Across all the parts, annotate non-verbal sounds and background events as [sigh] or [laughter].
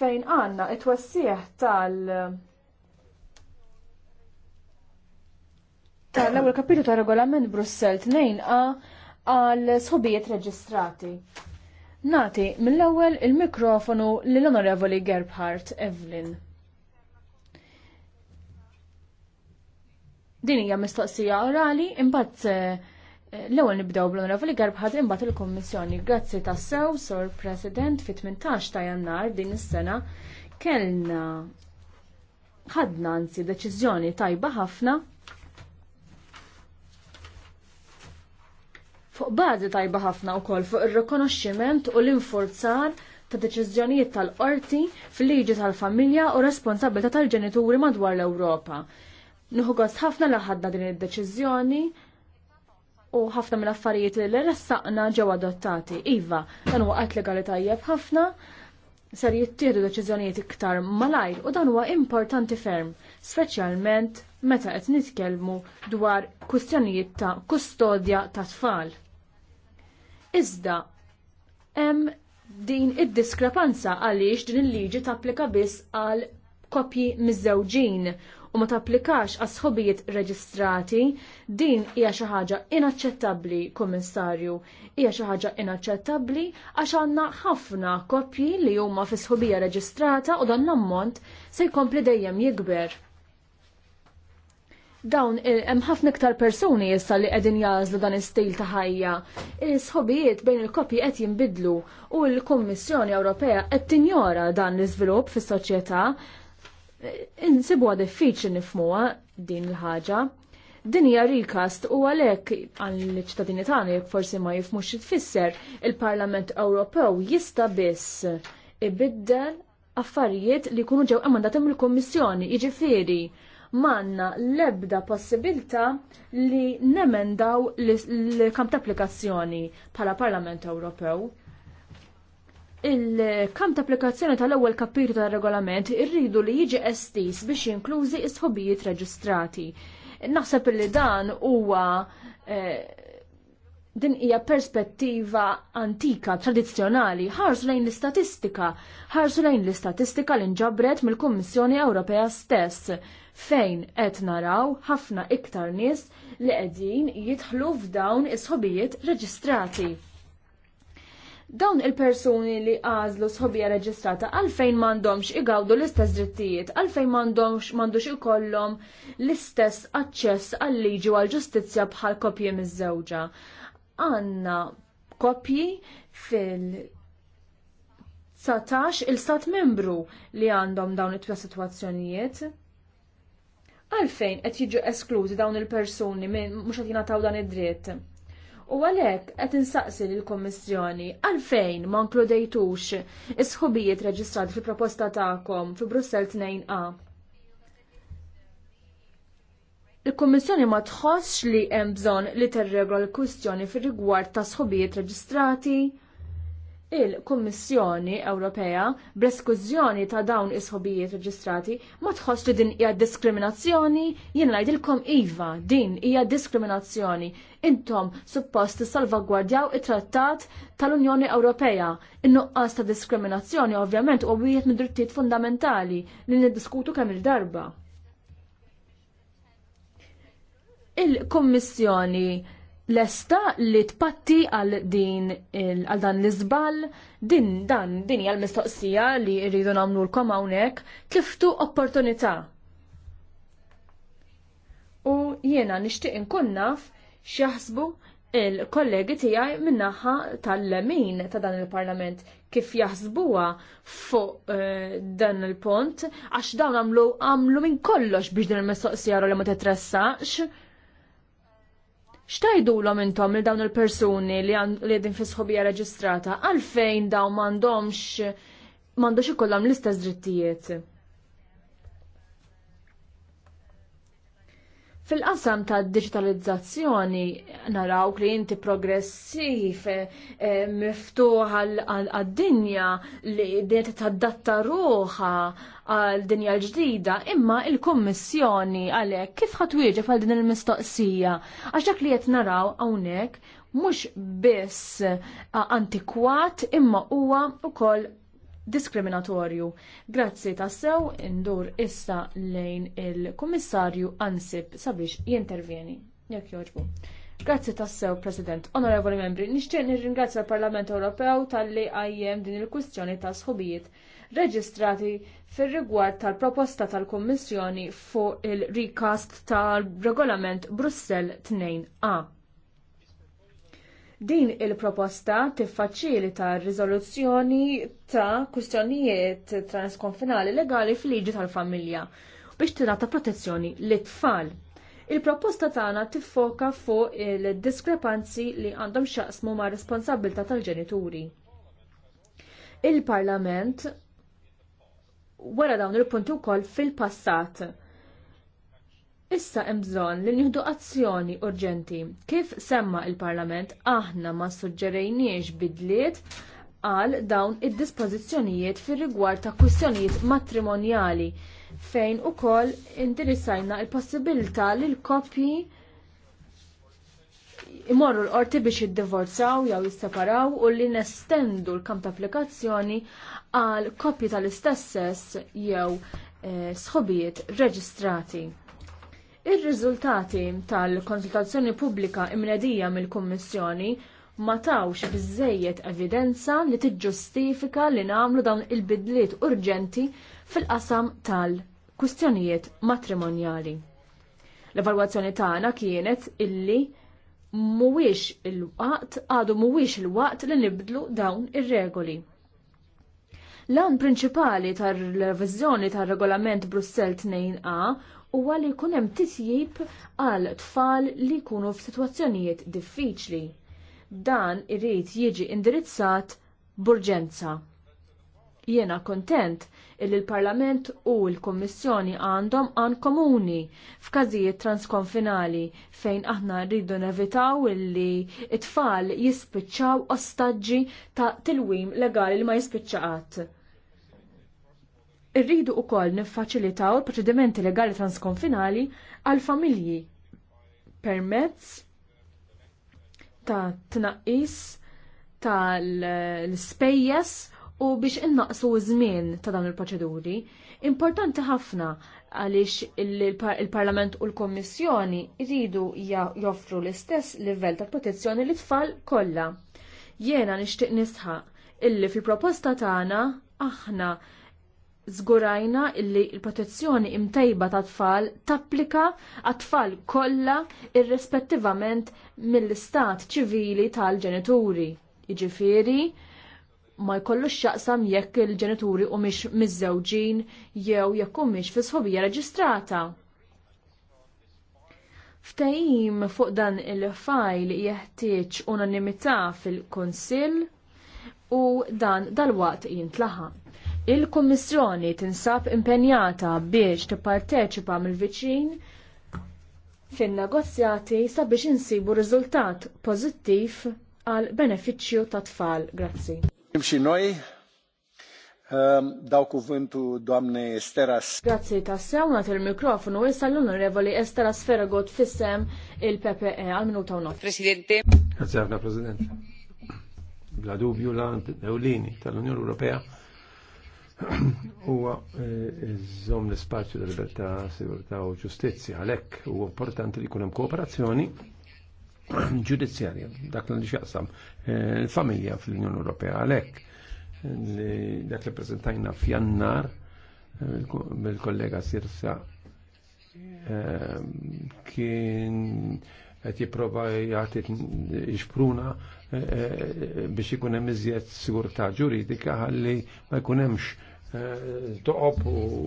fejn għanna it-wassieħ tal- tal-ewwel kapitlu ta' regolament Brussel 2A għal sħubijiet reġistrati. Nati mill-ewwel il-mikrofonu lill-Onorevoli Gerbhardt Evelyn. Din hija mistoqsija orali imbagħad eh, L-ewwel nibdew bl-Onorevoli Garb imbagħad bat il-Kummissjoni. Grazzi tassew, Sur President, fit-18 ta' Jannar din is-sena kellna ħadna anzi deċiżjoni tajba ħafna fuq bażi tajba ħafna wkoll fuq ir-rikonoxximent u l-infurzar ta' deċiżjonijiet tal-qorti fil-liġi tal-familja u responsabilità tal-ġenituri madwar l-Ewropa. Nħu gost ħafna li ħadna din id-deċiżjoni u ħafna mill affarijiet li ressaqna ġew adottati. Iva, dan huwa qatt legali tajjeb ħafna ser jittieħdu deċiżjonijiet iktar malajr u dan huwa importanti ferm, speċjalment meta qed nitkellmu dwar kwistjonijiet ta' kustodja ta' tfal. Iżda hemm din id-diskrepanza għaliex din il-liġi tapplika biss għal kopji miż-żewġin u ma tapplikax għasħobijiet reġistrati, din hija xi ħaġa inaċċettabbli, Kummissarju. Hija xi ħaġa inaċċettabbli għax għandna ħafna koppji li huma fi sħobija reġistrata u dan l-ammont se jkompli dejjem jikber. Dawn eh, hemm ħafna iktar persuni issa li qegħdin jażlu dan is-stil ta' ħajja. Is-sħobijiet bejn il-koppji qed jinbidlu u l-Kummissjoni Ewropea qed tinjora dan l-iżvilupp fis-soċjetà insibuha diffiċli nifmuwa din il-ħaġa. Din hija rikast u għalhekk għall-ċittadini tagħna jekk forsi ma jifmux tfisser il-Parlament Ewropew jista' biss ibiddel affarijiet li jkunu ġew emendati mill-Kummissjoni, jiġifieri manna lebda possibilità li nemendaw l-kamp ta' applikazzjoni bħala Parlament Ewropew. Il-kam ta' applikazzjoni tal-ewwel kapitlu tar-regolament irridu li jiġi estis biex jinklużi is-ħobijiet reġistrati. Naħseb li dan huwa eh, din hija perspettiva antika, tradizzjonali, ħarsu lejn l-istatistika, ħarsu lejn l-istatistika li nġabret mill-Kummissjoni Ewropea stess, fejn qed naraw ħafna iktar nies li qegħdin jidħlu f'dawn is-ħobijiet reġistrati dawn il-persuni li għażlu sħobija reġistrata għalfejn m'għandhomx igawdu l-istess drittijiet, għalfejn m'għandhomx m'għandux ikollhom l-istess aċċess għal-liġi u għall-ġustizzja bħal kopji miż-żewġa. Għandna kopji fil- 19 il-stat membru li għandhom dawn it-twa situazzjonijiet. Għalfejn qed jiġu esklużi dawn il-persuni minn mhux qed jingħataw dan id-dritt U għalhekk qed insaqsi lill-Kummissjoni għalfejn ma nkludejtux is-sħubijiet reġistrati fil-proposta tagħkom fi Brussel 2A. Il-Kummissjoni ma tħossx li hemm bżonn li terregola l-kwistjoni fir-rigward ta' sħubijiet reġistrati il-Kummissjoni Ewropea bl-eskużjoni ta' dawn is-ħobijiet reġistrati ma tħoss li din hija diskriminazzjoni, jien ngħidilkom iva, din hija diskriminazzjoni. Intom suppost salvagwardjaw it-Trattat tal-Unjoni Ewropea. In-nuqqas ta' diskriminazzjoni ovvjament huwa wieħed mid-drittijiet fundamentali li niddiskutu kemm il-darba. Il-Kummissjoni lesta li tpatti għal din għal dan l-izbal din dan din hija l-mistoqsija li rridu nagħmlu lkom hawnhekk tliftu opportunità. U jiena nixtieq inkun naf x'jaħsbu il-kollegi tiegħi min-naħa tal-lemin ta' dan il-Parlament kif jaħsbuha fuq eh, dan il-pont għax dawn għamlu għamlu minn kollox biex din il-mistoqsija li ma titressax Xtajdu l intom li dawn il-persuni li għedin fi sħobija reġistrata, għalfejn dawn mandomx mandomx ikollam l-istess drittijiet? Fil-qasam ta' digitalizzazzjoni naraw li inti progressiv, eh, miftuħ għad-dinja li dinja tadatta ruħa għal-dinja l-ġdida, imma il-kommissjoni għalek kif ħatwieġeb għal din il-mistoqsija? Għax dak li qed naraw hawnhekk mhux biss eh, antikwat imma huwa wkoll diskriminatorju. Grazzi tassew indur issa lejn il-Kummissarju Ansib sabiex jintervjeni. Jekk joġbu. Grazzi tassew, President. Onorevoli membri, nixtieq nirringrazzja l-Parlament Ewropew talli għajjem din il-kwistjoni ta' sħobijiet reġistrati fir-rigward tal-proposta tal-Kummissjoni fuq il-recast tal-Regolament Brussell 2A. Din il-proposta tiffaċilita r-riżoluzzjoni ta' kwistjonijiet transkonfinali legali fil-liġi tal-familja biex tingħata protezzjoni lit tfal Il-proposta tagħna tiffoka fuq il-diskrepanzi li għandhom xaqsmu ma' responsabilta tal-ġenituri. Il-Parlament wara dawn il-punti wkoll fil-passat Issa hemm bżonn li nieħdu azzjoni urġenti. Kif semma il-Parlament aħna ma suġġerejniex bidliet għal dawn id-dispożizzjonijiet fir rigward ta' kwistjonijiet matrimonjali fejn ukoll indirizzajna il-possibilità li l-koppji imorru l-qorti biex jiddivorzaw jew jisseparaw u li nestendu l kam ta' applikazzjoni għal koppji tal-istess jew eh, sħobijiet reġistrati. Ir-riżultati tal-konsultazzjoni pubblika imnedija mill-Kummissjoni ma tawx biżejjed evidenza li tiġġustifika li nagħmlu dawn il-bidliet urġenti fil-qasam tal-kwistjonijiet matrimonjali. L-evalwazzjoni tagħna kienet illi mhuwiex il-waqt għadu mhuwiex il-waqt li nibdlu dawn ir-regoli. L-għan prinċipali tar-revizjoni tar-regolament Brussel 2A huwa li jkun hemm titjib għal tfal li jkunu f'sitwazzjonijiet diffiċli. Dan irrit jiġi indirizzat b'urġenza. Jiena kontent illi l-Parlament u l-Kommissjoni għandhom għan komuni f'każijiet transkonfinali fejn aħna rridu nevitaw illi it-tfal jispiċċaw ostaġġi ta' tilwim legali li ma jispiċċaqat. Irridu wkoll niffaċilitaw il-proċedimenti legali transkonfinali għal familji permezz ta' tnaqqis tal-spejjes u biex innaqsu żmien ta' dawn il-proċeduri. Importanti ħafna għaliex il-Parlament u l-Kommissjoni jridu joffru l-istess livell ta' protezzjoni li tfal kollha. Jiena nixtieq nisħaq illi fil-proposta tagħna aħna zgurajna illi l-protezzjoni imtejba ta' tfal tapplika għat-tfal kollha irrispettivament mill-istat ċivili tal-ġenituri. Jiġifieri ma jkollux xaqsam jekk il-ġenituri u miex jew jekk u miex fi sħobija reġistrata. Ftehim fuq dan il-fajl jeħtieġ unanimità fil-Kunsill u dan dal-waqt jintlaħaq. Il-Kummissjoni tinsab impenjata biex tipparteċipa mill-viċin fin-negozjati sabiex insibu riżultat pożittiv għal benefiċċju ta' tfal. Grazzi. Imxi noi, ehm, daw kuvintu domni Steras. Grazzi ta' sewna il-mikrofonu issa l-onorevoli Esteras Ferragot fissem il-PPE għal minuta u Presidente. Grazzi għafna, Presidente. Bla dubju la' Ewlini tal-Unjoni Ewropea huwa eh, iżżomm l-ispazju ta' libertà, sigurtà u ġustizzja għalhekk huwa importanti li jkun hemm kooperazzjoni [clears throat] ġudizzjarja dak li xaqsam eh, il-familja fl-Unjoni Ewropea għalhekk li dak li preżentajna f'jannar eh, bil-kollega Sirsa kien qed jipprova jagħti xpruna biex ikun hemm iżjed sigurtà ġuridika ħalli ma jkun hemmx Eh, toqob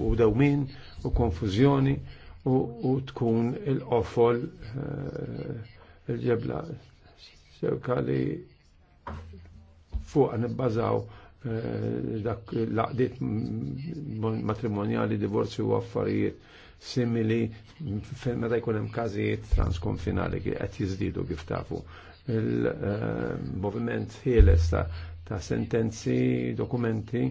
u dawmin u konfużjoni u tkun il-qofol eh, il-ġebla sewka li fuq nibbażaw eh, dak laqdiet matrimonjali, divorzi u affarijiet simili meta jkun hemm każijiet transkonfinali qed jiżdiedu kif tafu. Il-moviment ħieles ta' sentenzi, dokumenti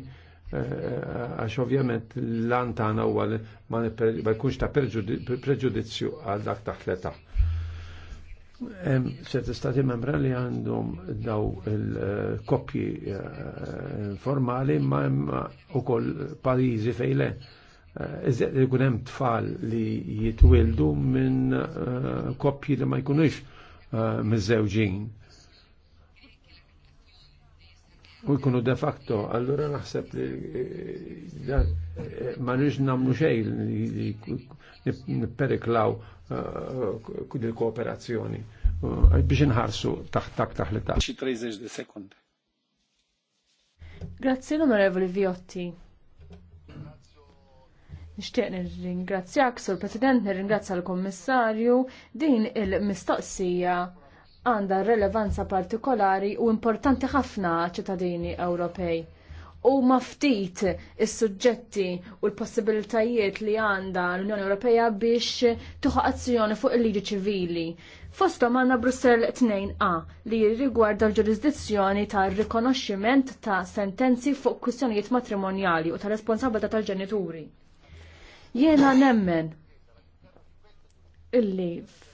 għax ovvjament l-antana għal ma jkunx ta' preġudizzju għal dak taħt xleta. età ċerti stati membra li għandhom daw il-koppji eh, formali ma hemm ukoll pajjiżi fejle. le. Eh, li jkun tfal li jitwildu minn eh, koppji li ma jkunux miż-żewġin u jkunu de facto, allura naħseb li eh, eh, ma nix namlu xej li niperiklaw eh, il-kooperazzjoni biex nħarsu taħt taħt taħt li taħt. 30 sekund. Grazzi l-Onorevoli Viotti. Nishtiq nirringrazzjak, Sur President, nirringrazzja l-Kommissarju din il-mistoqsija għandha relevanza partikolari u importanti ħafna ċittadini Ewropej. U maftit is-suġġetti u l-possibilitajiet li għandha l-Unjoni Ewropea biex tuħu azzjoni fuq il-liġi ċivili. Fostom għandna Brussell 2A li rigwarda l-ġurisdizzjoni ta' rikonoxximent ta' sentenzi fuq kwistjonijiet matrimonjali u ta' responsabilità tal-ġenituri. Jiena nemmen illi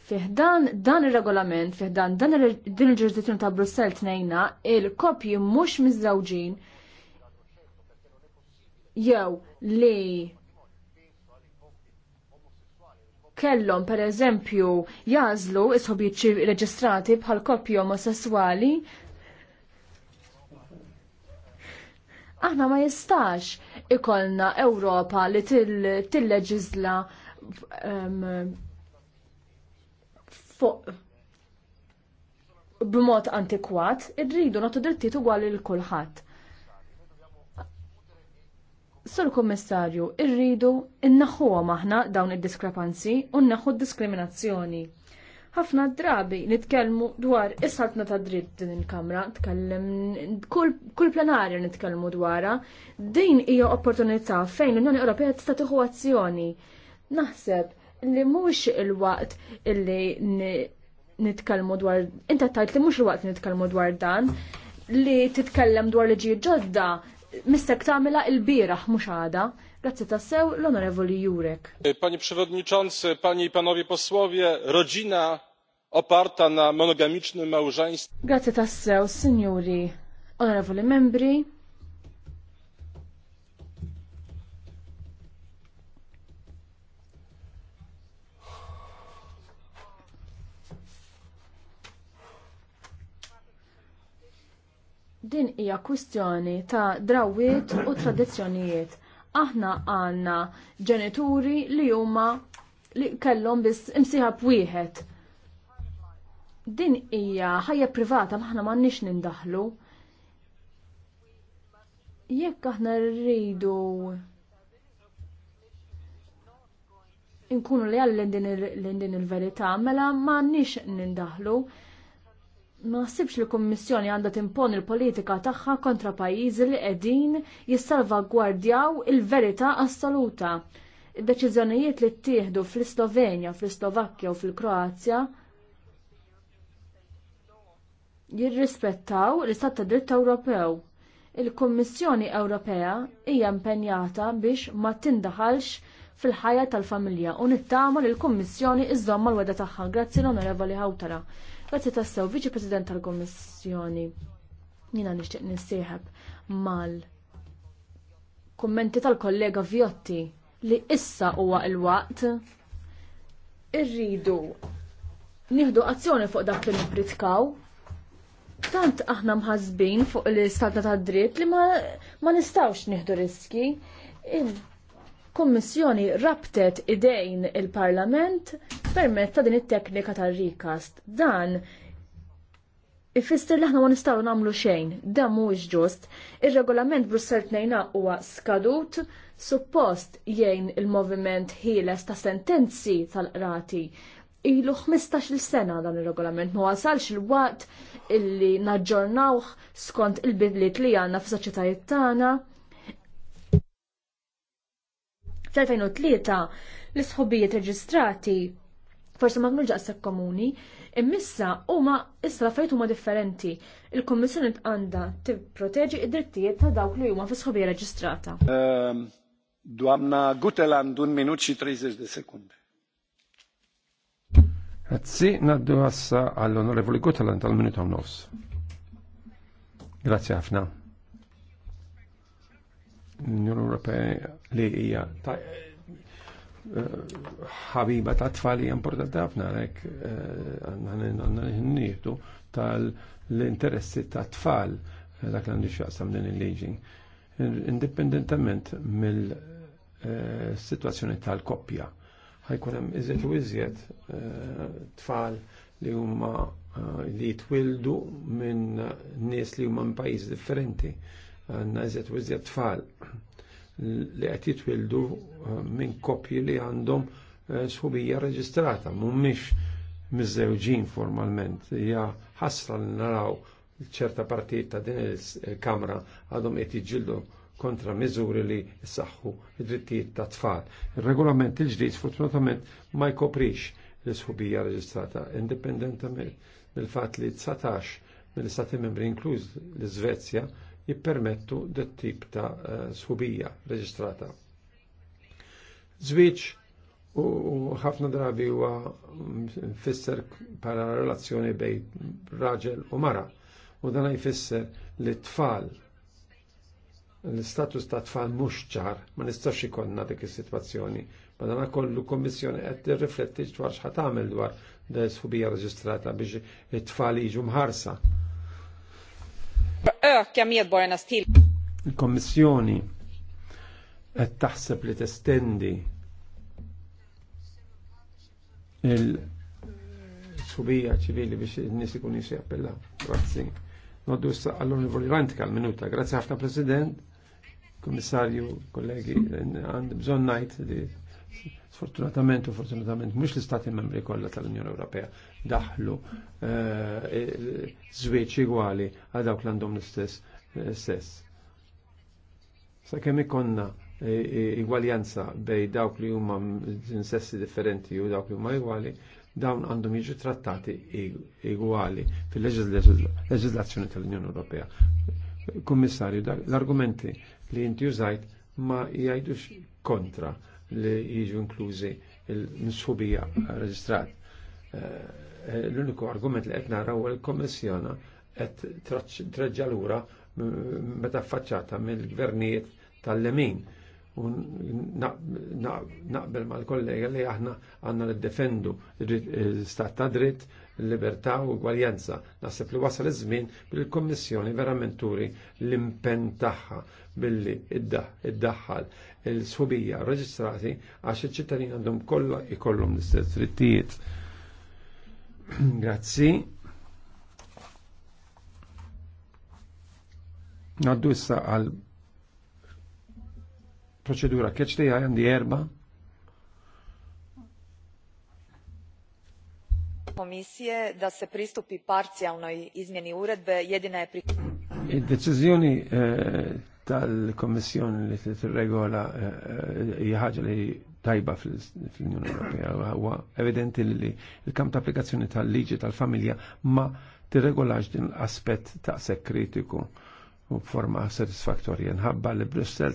Fiħdan dan il-regolament, fiħdan dan din il-ġurisdizzjoni ta' Brussel tnejna, il-kopji mhux mizzawġin, jew li kellhom per eżempju jażlu isħobijiet reġistrati bħal koppji omosessuali aħna ma jistax ikolna Ewropa li tilleġizla ehm, fuq b'mod antikwat, irridu nagħtu drittijiet ugwali lil kulħadd. Sur Kummissarju, irridu innaħħuhom aħna dawn id-diskrepanzi u nnaħħu d-diskriminazzjoni. Ħafna drabi nitkellmu dwar is-saltna ta' dritt din il-kamra, tkellem kull plenarja nitkellmu dwarha, din hija opportunità fejn l-Unjoni Ewropea tista' tieħu azzjoni. Naħseb li mhux il-waqt illi nitkellmu dwar inta tajt li mhux il-waqt nitkellmu dwar dan li titkellem dwar li liġi ġodda mistek tagħmilha il mhux għada. Grazzi tassew l-Onorevoli Jurek. E, Panie Przewodniczący, Panie i Panowie Posłowie, rodzina oparta na monogamicznym małżeństwie. Grazzi tassew, Signori, Onorevoli Membri. Din hija kwistjoni ta' drawiet u tradizzjonijiet. Aħna għandna ġenituri li huma li kellhom biss imsieħab wieħed. Din hija ħajja privata maħna m'għandniex nindaħlu. Jekk aħna rridu nkunu li għall din il-verità, mela m'għandniex nindaħlu ma sibx li kummissjoni għandha timpon il politika tagħha kontra pajjiżi li qegħdin jissalvagwardjaw il-verità assoluta. Id-deċiżjonijiet li ttieħdu fl-Slovenja, fl-Slovakkja u fil-Kroazja jirrispettaw l-Istat ta' Dritt Ewropew. Il-Kummissjoni Ewropea hija impenjata biex ma tindaħalx fil-ħajja tal-familja u nittama l-Kummissjoni iżomma l-weda tagħha. Grazzi l-Onorevoli Hawtara. Grazie tassew, Viċi President tal-Kommissjoni, jina nixtieq nissieħeb mal kummenti tal-kollega Vjotti li issa huwa il-waqt irridu nieħdu azzjoni fuq dak li nipritkaw. Tant aħna mħazbin fuq l-istata ta' dritt li ma, ma nistawx nieħdu riski il-Kummissjoni rabtet idejn il-Parlament permezz ta' din it-teknika tar-rikast. Dan ifisser li aħna ma nistgħu nagħmlu xejn, dan mhuwiex ġust. Ir-regolament Brussel tnejna huwa skadut suppost jgħin il-moviment ħieles ta' sentenzi tal-qrati ilu 15 sena dan il-regolament ma wasalx il-waqt illi naġġornawh skont il-bidliet li għandna f'soċjetajiet tagħna tal-2003 l-isħobijiet reġistrati forse ma kienux daqshekk komuni, immissa huma issa fejt huma differenti. Il-Kummissjoni għandha tipproteġi id-drittijiet ta' dawk li huma fi sħobija reġistrata. Ehm, Dwamna Guteland dun minuċi xi 30 sekundi. Grazzi, naddu għassa għall-Onorevoli Guteland tal minuta u nofs. Grazzi ħafna l-Unjoni Ewropea li hija eh, ħabiba ta' tfali importanti ħafna għalek eh, għanna nieħdu tal-interessi ta' tfal eh, dak li xaqsam din il-liġi. Indipendentament mill-situazzjoni tal-koppja, ħajkun hemm iżjed u iżjed tfal li huma li jitwildu minn nies li huma minn pajjiż differenti għanna eżet u tfal li qed jitwildu eh, minn koppji li għandhom eh, sħubija reġistrata, mhumiex miżewġin formalment, hija ħasra li naraw ċerta partijiet ta' din il-kamra għadhom qed jiġġieldu kontra miżuri li jsaħħu id-drittijiet ta' tfal. Il-regolament il-ġdid fortunatament ma jkoprix l-sħubija reġistrata, indipendentament mill-fat li 19 mill-istati membri inkluż l-Svezja jippermettu dat tip ta' eh, sħubija reġistrata. Żwieġ u ħafna drabi huwa mfisser para relazzjoni bejn raġel u mara u dan jfisser li tfal l-istatus ta' tfal mhux ċar ma nistax ikollna dik is-sitwazzjoni. Madana kollu kommissjoni qed tirrifletti dwar x'ħat tagħmel dwar da sħubija reġistrata biex it-tfal jiġu mħarsa öka medborgarnas till... Il-Kommissjoni qed taħseb li testendi il-subija ċivili biex n-nis ikun jisi appella. Grazzi. Noddu issa għall-Onorevoli Rantika għal-minuta. Grazzi ħafna President, Komissarju, kollegi, għandi bżon najt Sfortunatament u fortunatament mhux l-istati membri kollha tal-Unjoni Ewropea daħlu eh, eh, żwieġ igwali għal dawk l-għandhom l-istess eh, sess. Sakemm ikonna igwaljanza bej dawk li huma sessi differenti u dawk li huma igwali, dawn għandhom jiġu trattati igwali fil-leġizlazzjoni tal-Unjoni Ewropea. Kummissarju, l-argumenti li inti użajt ma jgħidux kontra li jiġu inklużi il nsubija reġistrat. Eh, eh, l-uniku argument li qed naraw il komissjona qed treġġa lura meta faċċata mill-gvernijiet tal-lemin u naqbel mal-kollega li aħna għanna l-defendu l-istat ta' dritt, libertà u gwaljenza. Naħseb li wasal iż-żmien bil-Kommissjoni verament turi l-impenn tagħha billi id-daħħal il-sħubija reġistrati għax iċ-ċittadini għandhom kollha ikollhom l-istess drittijiet. [clears throat] Grazzi. Naddu issa għal proċedura keċ tijaj għandi erba. Komisje da se pristupi parcijalnoj izmjeni uredbe jedina je pri... Il-deċizjoni eh, tal-Kommissjoni li t-regola eh, jħagġa li tajba fil unjoni Ewropea huwa evidenti li l-kamp ta' applikazzjoni tal-liġi tal-familja ma tirregolax din l-aspett ta' se kritiku u b'forma satisfaktorja. Nħabba li Brussel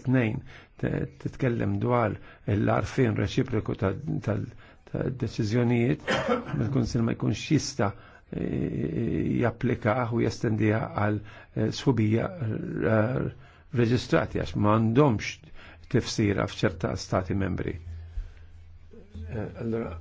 t titkellem dwar l-arfin reċiproku tal-deċiżjonijiet, [coughs] ma jkunx ma jkunx jista' e, e, japplika u jestendiha għal e, subija reġistrati għax m'għandhomx tifsira f'ċerta stati membri. Allora,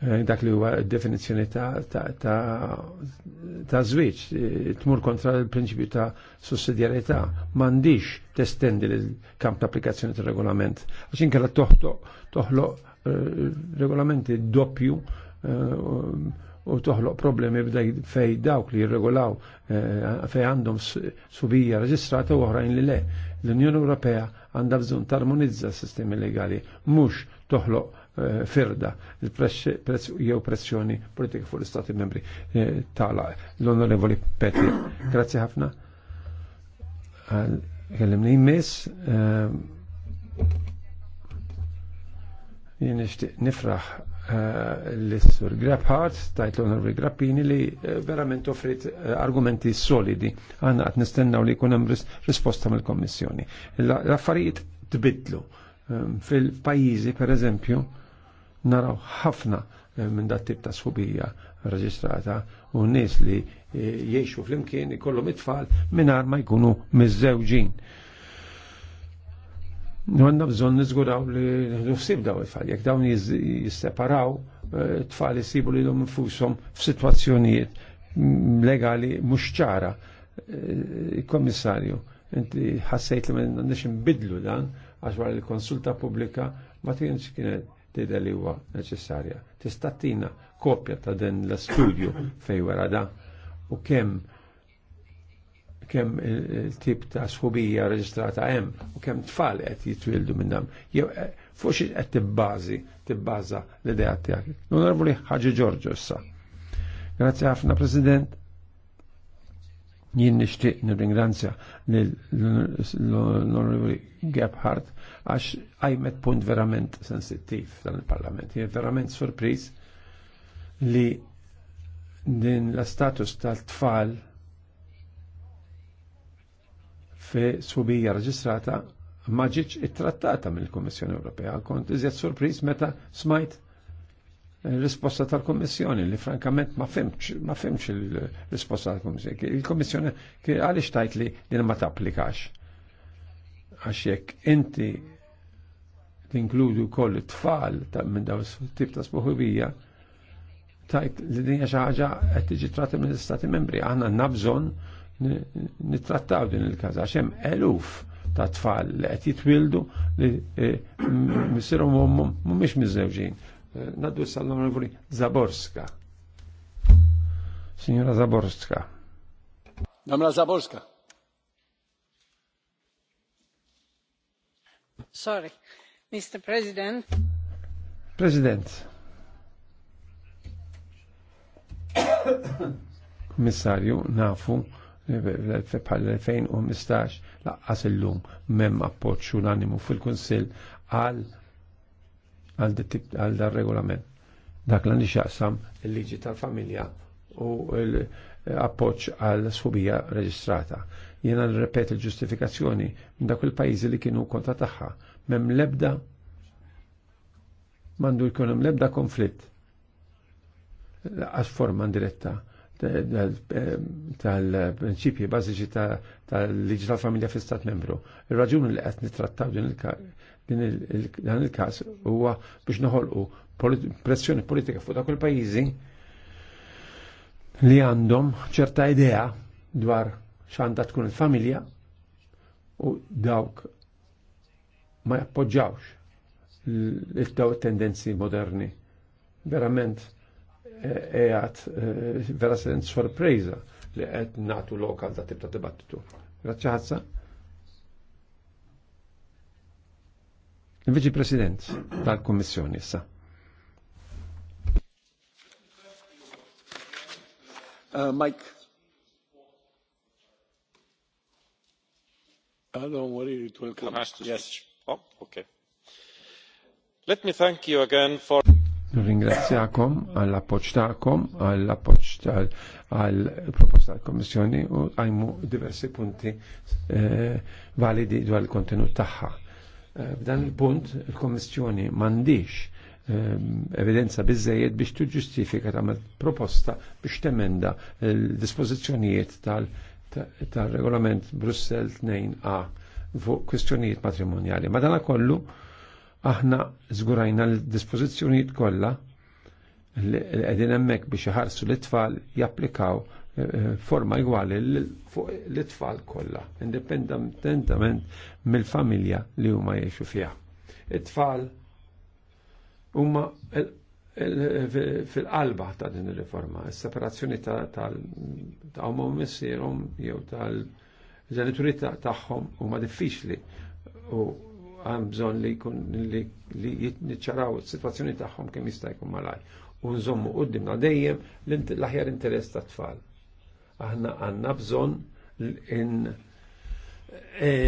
Eh, dak li huwa definizzjoni ta' ta' zwiċ, eh, tmur kontra l-prinċipju ta' sussidjarjetà m'għandix testendi l-kamp ta' applikazzjoni ta' regolament għax inkella toħloq eh, regolamenti doppju u toħloq problemi bdaj fej dawk li jirregolaw fej għandhom subija reġistrata u oħrajn li le. L-Unjoni Ewropea għandha bżonn tarmonizza s-sistemi legali, mhux toħloq firda jew pressjoni politika fuq l istati membri eh, tala l-Onorevoli Petri. Grazie ħafna. Kellimni jmiss. Eh, jien nixtieq nifraħ eh, l-Sur Grabhart, tajt l-Onorevoli Grappini li verament offrit argumenti solidi. Għanna għat nistennaw li kunem risposta mill-Kommissjoni. L-affarijiet tbidlu fil-pajizi, per eżempju, naraw ħafna eh, minn dat tip ta' sħubija reġistrata u nies li eh, jiexu fl-imkien ikollhom it-tfal mingħajr ma jkunu miż-żewġin. Għanna bżon nizguraw li nufsib daw il-fall, jek dawn jisseparaw eh, tfal jisibu li l-om infusom f mm, legali mux ċara. Kommissarju, inti ħassajt li ma nix nbidlu dan għax wara konsulta pubblika ma tienx kienet tida li huwa neċessarja. Tista' tina kopja ta' din l istudju fej wara da u kemm kemm il-tip ta' sħubija reġistrata hemm u kemm tfal qed jitwildu minn dam. Jew eh, fuq xi qed tibbażi, tibbaża l-idea tiegħek. L-Onorevoli Ħaġi Ġorġo issa. Grazzi ħafna President. Jien nixtieq nirringrazzja l-Onorevoli Gebhardt għax għajmet punt verament sensittiv dan il-Parlament. Jien verament surpriz li din la status tal-tfal fi subija reġistrata maġiċ it-trattata mill komissjoni Ewropea. Kont iżjed surpriz meta smajt risposta tal-Kommissjoni li frankament ma fimx, ma fimx il-risposta tal-Kommissjoni. Il-Kommissjoni għaliex xtajt li din ma tapplikax. Għax jekk inti tinkludu koll it-tfal minn daw tip ta' sbuħubija, tajt li dinja xaħġa qed tiġi tratta minn istati membri. Aħna nabżon nittrattaw din il kaz għax hemm eluf ta' tfal li qed jitwildu li eh, missirhom mhumiex miż-żewġin Naddu s sal-onorevoli Zaborska. Signora Zaborska. Namra Zaborska. Sorry, Mr. President. President. Kommissarju, nafu l-2015 laqqas il-lum mem appoċu l-animu fil-Konsil għal għal regolament. Dak l xaqsam il-liġi tal-familja u l-appoċ għal subija reġistrata. Jena n-repet il-ġustifikazzjoni minn dak il-pajizi li kienu konta taħħa. Mem lebda mandu jkun hemm lebda konflitt. Għas forma diretta tal-prinċipji bażiċi tal-liġi tal-familja fi-stat membru. Ir-raġuni li qed nittrattaw dan il-każ huwa biex noħolqu pressjoni politika fuq dak il-pajjiżi li għandhom ċerta idea dwar x'għandha tkun il-familja u dawk ma jappoġġawx il-daw tendenzi moderni. Verament, għat e, vera sen sorpresa li għed natu lokal da tibta dibattitu. Grazie ħazza. il President tal-Kommissjoni issa. Uh, Mike. I uh, don't worry, it will come. Yes. Oh, okay. Let me thank you again for... Ringrazzjakom għall appoġġ ta'kom, għall appoġġ għall-proposta tal-Kommissjoni u għajmu diversi punti eh, validi dwar il-kontenut tagħha. Eh, f'dan il-punt il-Kommissjoni m'għandix eh, evidenza biżejjed biex tiġġustifika tagħmel proposta biex temenda l-dispożizzjonijiet tal-regolament Brussel 2A fuq kwistjonijiet matrimonjali. Ma kollu aħna zgurajna l-dispozizjonijiet kollha li qegħdin hemmhekk biex iħarsu l-itfal japplikaw eh, eh, forma igwali fuq l-itfal kollha, indipendentament mill-familja li huma jgħixu fiha. It-tfal huma fil-qalba ta' din ir-riforma, is-separazzjoni ta' huma missierhom jew tal-ġenituri tagħhom huma diffiċli għam bżon li jkun li jitniċċaraw situazzjoni taħħom kem jistajkum malaj. U nżommu dimna dejjem l ħjar interes ta' tfal. Aħna għandna bżonn eh,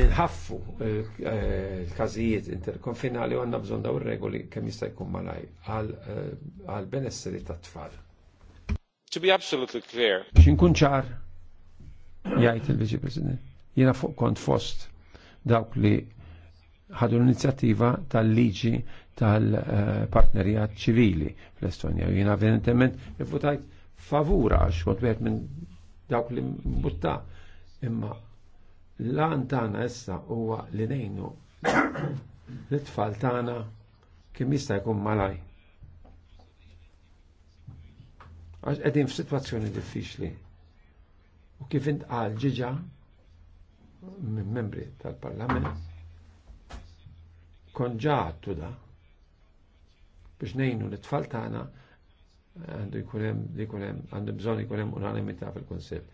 nħaffu eh, l kazijiet interkonfinali u għanna bżon daw regoli kemm jista' jkun malaj eh, għal benesseri ta' tfal. To be absolutely clear. Xinkun ċar, jgħid il-Viċi President, jiena fuq kont fost dawk li ħadu l-inizjattiva tal-liġi tal-partnerijat ċivili fl-Estonja. Jina evidentement votajt favura għax kont wieħed minn dawk li mbutta imma l-għan tagħna issa huwa li ngħinu l-tfal tagħna kemm jista' jkun malaj. Għax qegħdin f'sitwazzjoni diffiċli. U kif intqal ġiġa minn membri tal-Parlament konġattu da biex nejnu li tfal tagħna għandu jkunem, hemm li jkun għandu bżon jkun hemm unanimità fil konsil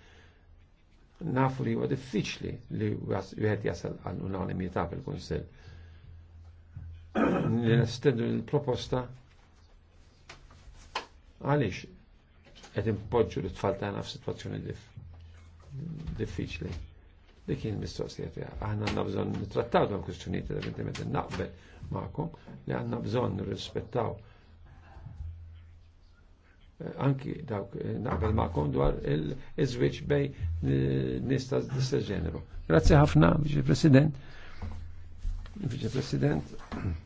Nafu li huwa diffiċli li wieħed jasal għal unanimità fil konsil Li [clears throat] nestendu l-proposta għaliex qed impoġġu l-tfal tagħna f'sitwazzjoni diffiċli li kien mistoqsija tiegħek. Aħna għandna bżonn nittrattaw dawn kwistjonijiet evidentiment naqbel magħkom li għandna bżonn nirrispettaw eh, anki dawk eh, naqbel ma'kom dwar il-żwieġ bej eh, nista stess ġeneru. Grazzi ħafna, Viċi President. Viċi President.